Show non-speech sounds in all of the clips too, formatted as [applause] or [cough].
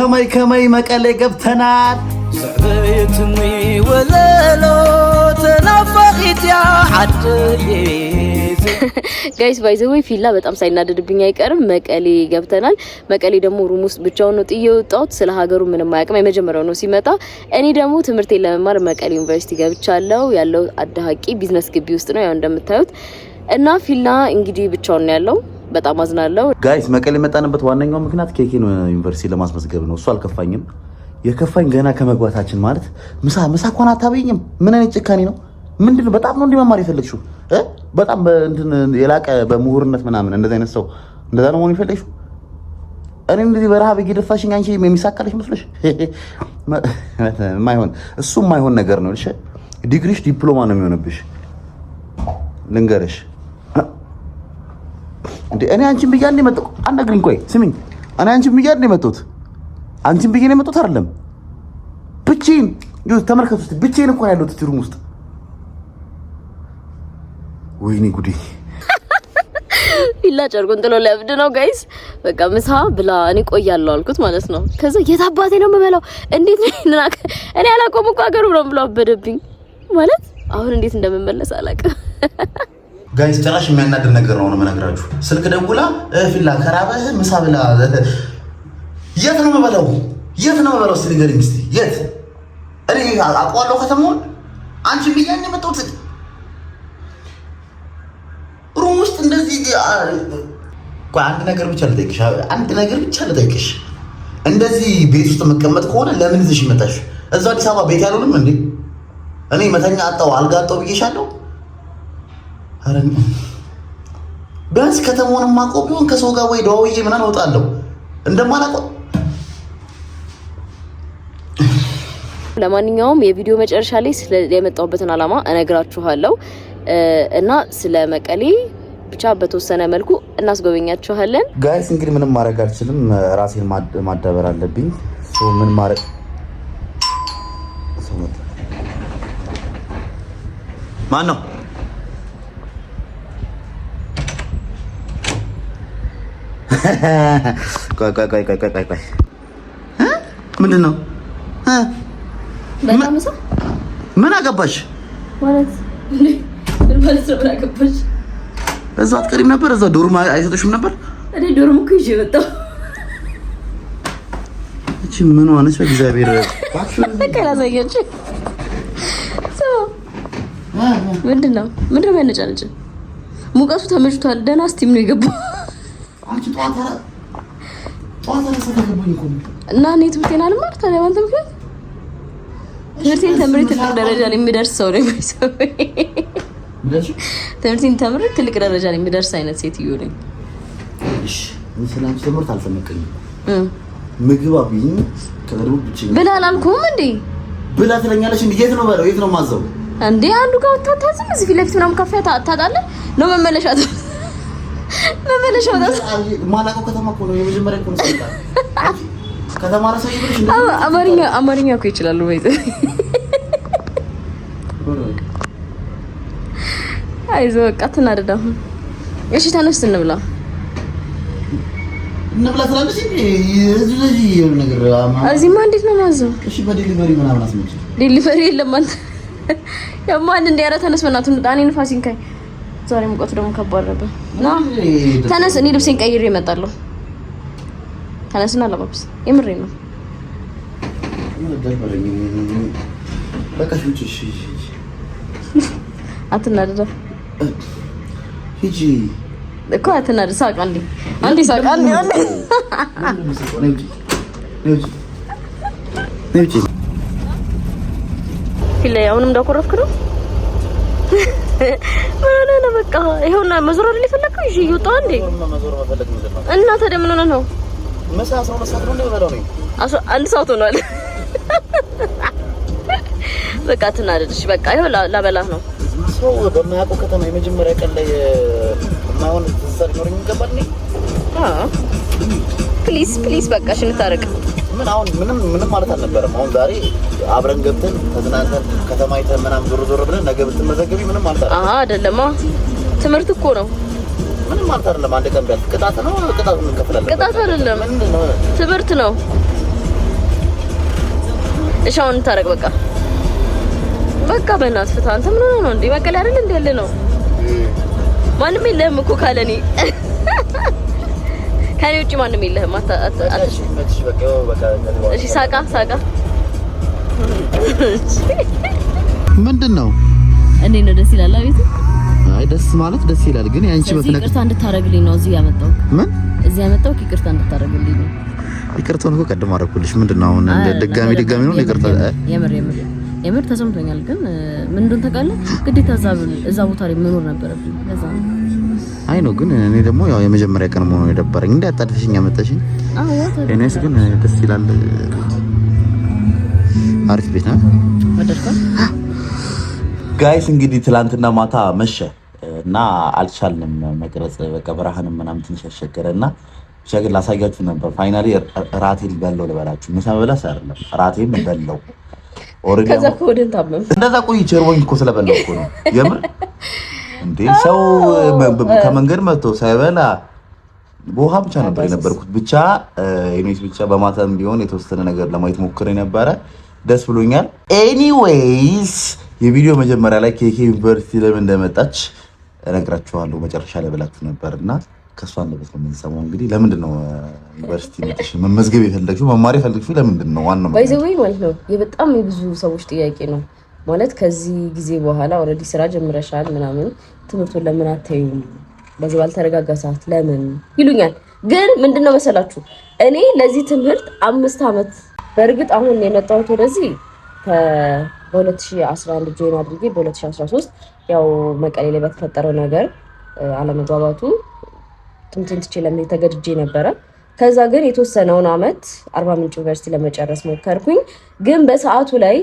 ከመይ ከመይ መቀሌ ገብተናል ስዕበየትኒ ወለሎ ተናፋቂት ያ ጋይስ ባይ ዘ ወይ ፊላ በጣም ሳይናደድብኝ አይቀርም። መቀሌ ገብተናል። መቀሌ ደግሞ ሩም ውስጥ ብቻውን ነው ጥዬ የወጣሁት። ስለ ሀገሩ ምንም አያውቅም። የመጀመሪያው ነው ሲመጣ። እኔ ደግሞ ትምህርቴን ለመማር መቀሌ ዩኒቨርሲቲ ገብቻለሁ። ያለው አዳሀቂ ቢዝነስ ግቢ ውስጥ ነው ያው እንደምታዩት እና ፊላ እንግዲህ ብቻውን ነው ያለው በጣም አዝናለሁ። ጋይስ መቀሌ የመጣንበት ዋነኛው ምክንያት ኬኬን ዩኒቨርሲቲ ለማስመዝገብ ነው። እሱ አልከፋኝም። የከፋኝ ገና ከመግባታችን ማለት ምሳ ምሳ እንኳን አታበይኝም። ምን አይነት ጭካኔ ነው? ምንድን ነው? በጣም ነው እንዲመማር የፈለግሽው? በጣም እንትን የላቀ በምሁርነት ምናምን እንደዚህ አይነት ሰው እንደዛ ነው መሆን የፈለግሽው? እኔ እንደዚህ በረሃብ እየደፋሽኝ አንቺ የሚሳካልሽ መስሎሽ? ማይሆን እሱ ማይሆን ነገር ነው። ዲግሪሽ ዲፕሎማ ነው የሚሆንብሽ ልንገርሽ። እንዴ እኔ አንቺን ብዬ አንዴ መጣሁ። አናግሪኝ፣ ቆይ ስሚኝ። እኔ አንቺን ብዬ አንዴ መጣሁት። አንቺን ብዬ ነው የመጣሁት አይደለም። ብቻዬን ይኸው ተመልከቱ፣ እስኪ ብቻዬን እኮ ነው ያለሁት እዚህ ሩም ውስጥ። ወይኔ ጉዴ! ቢላ ጨርቁን ጥሎ ለብድ ነው ጋይስ። በቃ ምሳ ብላ እኔ ቆያለሁ አልኩት ማለት ነው። ከዛ የት አባቴ ነው የምበላው? እንዴት ነው እኔ አላቆም እኮ አገሩ ነው ብሎ አበደብኝ ማለት አሁን እንዴት እንደምመለስ አላውቅም። ጋይስ ጭራሽ የሚያናድር ነገር ነው የምነግራችሁ። ስልክ ደውላ ፊላ ከራበህ ምሳ ብላ። የት ነው የምበለው? የት ነው የምበለው? እስኪ ንገሪኝ እስኪ የት? እኔ አውቀዋለሁ ከተማውን። አንቺ ብያን የመጣሁት ሩም ውስጥ እንደዚህ። አንድ ነገር ብቻ ልጠይቅሽ፣ አንድ ነገር ብቻ ልጠይቅሽ። እንደዚህ ቤት ውስጥ የምቀመጥ ከሆነ ለምን ይዘሽ ይመጣሽ? እዛ አዲስ አበባ ቤት ያልሆንም እንዴ? እኔ መተኛ አጣው አልጋ አጣው ብዬሻለሁ። ቢያንስ ከተማውን ማቆ ቢሆን ከሰው ጋር ወይ ደዋውዬ ምናምን እወጣለሁ። እንደማላቆ ለማንኛውም የቪዲዮ መጨረሻ ላይ የመጣሁበትን አላማ እነግራችኋለሁ እና ስለ መቀሌ ብቻ በተወሰነ መልኩ እናስጎበኛችኋለን። ጋይስ እንግዲህ ምንም ማድረግ አልችልም፣ ራሴን ማዳበር አለብኝ። ምን ማድረግ ማን ነው ቆይ ቆይ ቆይ ቆይ ቆይ ቆይ ምንድን ነው? ምን አገባሽ? እዛ አትቀሪም ነበር? እዛ ዶርም አይሰጡሽም ነበር? እኔ ዶርም እኮ ይዤ መጣሁ። እቺ ምን ሆነች? በእግዚአብሔር ምንድን ነው ምንድን ነው ያነጫነጭ? ሙቀቱ ተመችቷል። ደህና ስቲም ነው የገባው እና እኔ ትምህርቴን አልማር ታዲያ ባንተ ምክንያት ትምህርቴን ተምሬ ትልቅ ደረጃ ላይ የሚደርስ ሰው ነኝ። ትምህርቴን ተምሬ ትልቅ ደረጃ ላይ የሚደርስ አይነት ሴትዮ ነኝ። ትምህርት አልተመቀኝም። ምግብ አብይኝ ከደግሞ ብቻዬን ብላ አላልኩም እንዴ? ብላ ትለኛለች። የት ነው የት ነው ማዘው እንዴ? አንዱ ጋር ታዝም እዚህ ፊት ለፊት ምናምን ካፌ ታጣለህ ነው መመለሻ መመለሻ ማላውቀው ከተማ እኮ ነው የመጀመሪያ እኮ ነው ከተማ አማርኛ አማርኛ እኮ ይችላሉ ወይ አይዞህ በቃ ትናደድ አሁን እሺ ተነስ እንብላ እዚህማ እንዴት ነው የማዘው ዴሊቨሪ የለም አንተ ያማን እንደ ኧረ ተነስ በእናትህ እኔን ፋሲን ካኝ ዛሬ ሙቀት ደግሞ ከባድ ነበር። ተነስ፣ እኔ ልብሴን ቀይሬ እመጣለሁ። ተነስና አለባብስ። የምሬ ነው። አትናደዳ እኮ አትናደድ። ሳቅ አንዴ፣ አንዴ ሳቅ አንዴ፣ አንዴ ፊት ላይ አሁንም እንዳኮረፍክ ነው ነው በቃ ይኸውና፣ መዞር አይደል የፈለከው? እሺ እየወጣሁ እንዴ። እና ታዲያ ምን ነው? አንድ ሰዓት ሆኗል። በቃ ትናደድሽ። በቃ ይኸው ላበላህ ነው። ሰው በማያውቀው ከተማ የመጀመሪያ ቀን ላይ የማይሆን ትዝታ ሊኖረኝ ይገባል? ፕሊዝ ፕሊዝ፣ በቃ እሺ እንታረቅ። ምን አሁን ምንም ምንም ማለት አልነበረም። አሁን ዛሬ አብረን ገብተን ተዝናንተን ከተማ አይተን ምናምን ዞር ዞር ብለን ነገ ብትመዘገቢ ምንም ማለት አይደለም። አሃ አይደለም፣ ትምህርት እኮ ነው። ምንም ማለት አይደለም። አንድ ቀን ቢያልፍ ቅጣት ነው። ቅጣት እንከፍላለን። ቅጣት አይደለም፣ ትምህርት ነው። እሺ አሁን እንታረቅ በቃ በቃ በእናትህ ፍታ። አንተ ምን ሆነህ ነው እንዴ? መቀሌ አይደል እንዴ ያለ ነው? ማንም የለህም እኮ ካለኔ ከኔ ውጭ ማንም የለህም። እሺ፣ ሳቃ ሳቃ። ምንድን ነው? እንዴት ነው? ደስ ይላል። አቤት። አይ ደስ ማለት ደስ ይላል፣ ግን ያንቺ መፍለቅ። ይቅርታ እንድታረግልኝ ነው እዚህ ያመጣው። ምን እዚህ ያመጣው? ይቅርታ እንድታረግልኝ ነው። ይቅርታውን እኮ ቀድም አደረኩልሽ። ምንድነው ነው አሁን ድጋሚ ድጋሚ ነው? ይቅርታ የምር የምር የምር ተሰምቶኛል፣ ግን ምን እንደሆነ ታውቃለህ። ግዴታ እዛ ቦታ ላይ መኖር ነበረብኝ። ለዛ ነው አይ ነው ግን እኔ ደግሞ ያው የመጀመሪያ ቀን መሆኑ የደበረኝ አመጣሽኝ። አዎ እኔስ ግን ደስ ይላል። አሪፍ ቤት ነው። ጋይስ እንግዲህ ትላንትና ማታ መሸ እና አልቻልንም መቅረጽ በቃ ብርሃንም ምናምን ትንሽ ያስቸገረ እና ብቻ ግን ላሳያችሁ ነበር። ፋይናሊ ራቴን በለው ልበላችሁ። ምሳ መብላት አይደለም ራቴን በለው። እንደዛ ቆይ ቸርቦኝ እኮ ስለበላው እኮ ነው የምር እንዴ ሰው ከመንገድ መጥቶ ሳይበላ በውሃ ብቻ ነበር የነበርኩት። ብቻ ኤኒዌይስ ብቻ በማታም ቢሆን የተወሰነ ነገር ለማየት ሞክሬ ነበረ። ደስ ብሎኛል። ኤኒዌይስ የቪዲዮ መጀመሪያ ላይ ኬኬ ዩኒቨርሲቲ ለምን እንደመጣች እነግራችኋለሁ። መጨረሻ ላይ ብላችሁ ነበር እና ከእሷ አንደበት ነው የምንሰማው። እንግዲህ ለምንድን ነው ዩኒቨርሲቲ መጥሽ መመዝገብ የፈለግሽው መማር የፈለግሽው ለምንድን ነው? ዋናው ባይዘወይ ማለት ነው የበጣም የብዙ ሰዎች ጥያቄ ነው ማለት ከዚህ ጊዜ በኋላ ኦልሬዲ ስራ ጀምረሻል ምናምን ትምህርቱን ለምን አታዩም? በዚህ ባልተረጋጋ ሰዓት ለምን ይሉኛል። ግን ምንድን ነው መሰላችሁ እኔ ለዚህ ትምህርት አምስት ዓመት በእርግጥ አሁን የመጣሁት ወደዚህ በ2011 ጆይን አድርጌ በ2013 ያው መቀሌ ላይ በተፈጠረው ነገር አለመግባባቱ ትምህርቴን ትቼ ለመሄድ ተገድጄ ነበረ። ከዛ ግን የተወሰነውን አመት አርባ ምንጭ ዩኒቨርሲቲ ለመጨረስ ሞከርኩኝ። ግን በሰዓቱ ላይ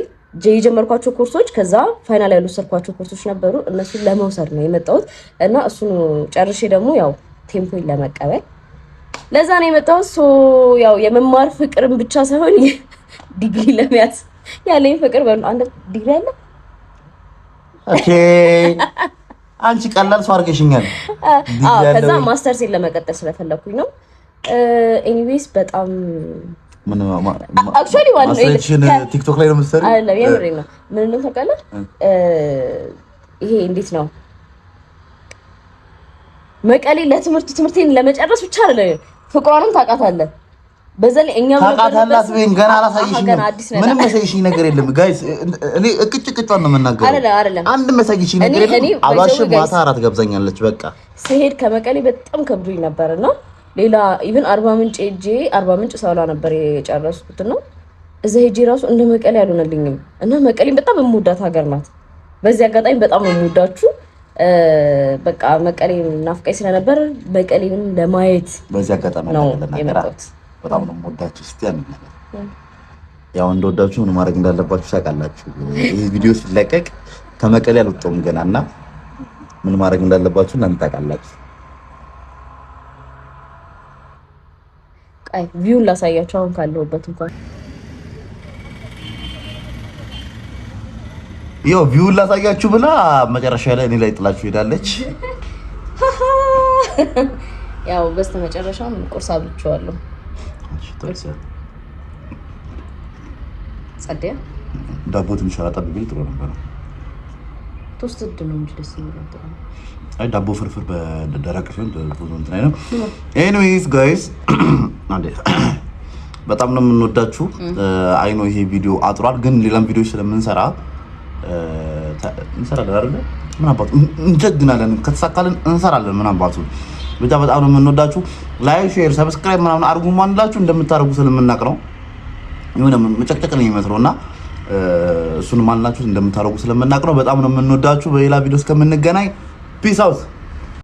የጀመርኳቸው ኮርሶች ከዛ ፋይናል ያሉ ሰርኳቸው ኮርሶች ነበሩ። እነሱን ለመውሰድ ነው የመጣሁት እና እሱን ጨርሼ ደግሞ ያው ቴምፖን ለመቀበል ለዛ ነው የመጣሁት። ሶ ያው የመማር ፍቅርን ብቻ ሳይሆን [laughs] ዲግሪ ለመያዝ ያለኝ ፍቅር በሉ። አንድ ዲግሪ አለ። አንቺ ቀላል ሰው አድርገሽኛል። ከዛ ማስተርሴን ለመቀጠል ስለፈለኩኝ ነው። ኤኒዌይስ በጣም ቲክቶክ ላይ ነው አይደለም የምሬ ነው። ምን ነው ታውቃለህ፣ ይሄ እንዴት ነው መቀሌ ለትምህርት ትምህርቴን ለመጨረስ ብቻ አይደለም ፍቅሯንም ታውቃታለህ። በዛ ላይ እኛ ታውቃታላት ወይ ገና ምንም ነገር የለም ጋይስ። እኔ እቅጭ ቅጫን ነው የምናገረው፣ አይደለም አንድ መሳይሽኝ ነገር የለም። አባሽ ማታ አራት ገብዛኛለች። በቃ ስሄድ ከመቀሌ በጣም ከብዶኝ ነው። ሌላ ኢቨን አርባ ምንጭ ሄጄ አርባ ምንጭ ሳላ ነበር የጨረስኩት ነው። እዛ ሄጄ ራሱ እንደ መቀሌ አልሆነልኝም እና መቀሌም በጣም የምወዳት ሀገር ናት። በዚህ አጋጣሚ በጣም ነው የምወዳችሁ። በቃ መቀሌ ናፍቃኝ ስለነበር መቀሌንም ለማየት በዚህ አጋጣሚ ነው የመጣሁት። በጣም ነው የምወዳችሁ። ያው እንደወዳችሁ ምን ማድረግ እንዳለባችሁ ታውቃላችሁ። ይህ ቪዲዮ ሲለቀቅ ከመቀሌ አልወጣሁም ገና እና ምን ማድረግ እንዳለባችሁ እናንተ ታውቃላችሁ። አይ ቪውን ላሳያቸው አሁን ካለሁበት እንኳን ያው ቪውን ላሳያችሁ ብላ መጨረሻ ላይ እኔ ላይ ጥላችሁ ሄዳለች። [laughs] ያው በስተ መጨረሻም ቁርስ አብልቼዋለሁ። ጸደያ ዳቦ ትንሽ አጠብ ጥሩ ነበር። ብትወስድ ነው እንጂ ደስ የሚለው አይ ዳቦ ፍርፍር በደረቅ ሲሆን ብዙ እንትን አይነው። ኤኒዌይስ ጋይስ በጣም ነው የምንወዳችሁ። አይ ነው ይሄ ቪዲዮ አጥሯል፣ ግን ሌላም ቪዲዮ ስለምንሰራ እንሰራለን አይደለ? ምን አባቱ እንጀግናለን፣ ከተሳካልን እንሰራለን። ምን አባቱ ብቻ በጣም ነው የምንወዳችሁ። ላይክ፣ ሼር፣ ሰብስክራይብ ምናምን አድርጉ። ማንላችሁ እንደምታደርጉ ስለምናቅ ነው የሆነ መጨቅጨቅ ነው የሚመስለው እና እሱን ማላችሁ እንደምታደርጉ ስለምናውቅ ነው። በጣም ነው የምንወዳችሁ። በሌላ ቪዲዮ እስከምንገናኝ ፒስ አውት